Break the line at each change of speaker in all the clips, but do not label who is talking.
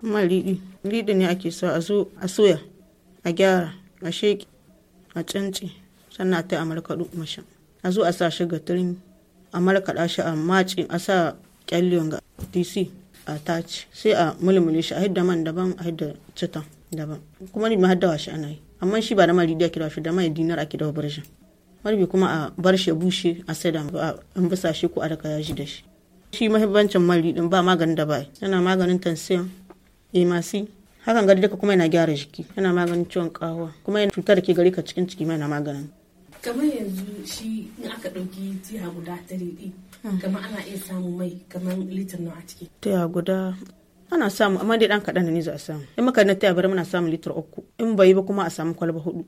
kuma liɗi liɗi ne ake sa a soya a gyara a sheƙi a canci sannan a ta amurka mashin a zo a sa shi ga turmi a markaɗa shi a maci a sa ƙyalliyon ga dc a taci sai a mulmule shi a hidda man daban a hidda citan daban kuma ni haddawa shi ana yi amma shi ba da mari da kira shi da mai dinar ake dawa barshin marbi kuma a bar shi bushe a saida a bisa shi ko a daga yaji da shi shi mahimmancin man din ba maganin da bai yana maganin tansiyan imasi eh, hakan gari duka kuma yana gyara jiki yana maganin ciwon kawo kuma yana cutar da ke gari ka cikin ciki yana maganin
kamar yanzu shi in aka ɗauki tiya guda ta riɗi hmm. kamar ana iya samun mai kamar litir nawa a ciki
tiya guda ana samu amma dai ɗan kaɗan ne za a samu in muka na tiya bari muna samun litir uku in bai ba kuma a samu kwalba hudu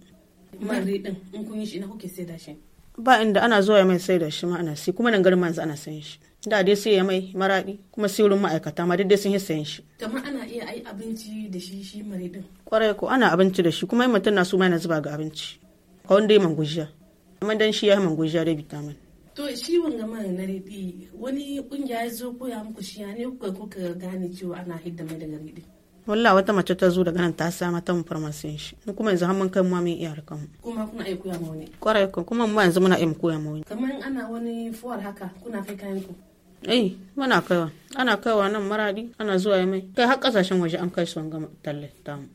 man riɗin in kun yi shi na kuke sai da shi
ba inda ana zuwa ya mai sai da shi ma ana si kuma nan garin yanzu ana sayan shi da dai sai ya mai maraɗi kuma sai wurin ma'aikata ma dai sun yi sayan shi
kamar ana iya ai abinci da shi shi maridin
kwarai ko ana abinci da shi kuma mutum na su ma yana zuba ga abinci a wanda ya mangujiya amma dan shi ya mangujiya da bitamin
to shi wanga man na ridi wani kungiya ya zo koya muku shi ne kuka kuka gane cewa ana hidda mai daga ridi
walla wata mace ta zo daga nan ta sa mata mu farmasin shi ni kuma yanzu har mun kai mu min iyar kanmu
kuma kuna iya koya ma wani
kwarai ko kuma mu yanzu muna iya koya ma wani
kamar ana wani fuwar haka kuna kai kayan ku
eh muna kaiwa ana kaiwa nan maradi ana zuwa ya mai kai har kasashen waje an kai su an gama talle ta mu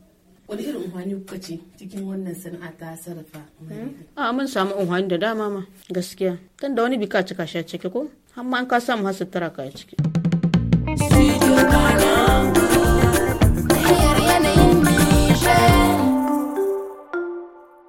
wani irin unhwani kuka ce cikin wannan sana'a ta sarrafa hmm?
a mun samu unhwani da dama ma gaskiya tunda wani bika cika shi a ciki ko har ma an ka samu har sutura ka a ciki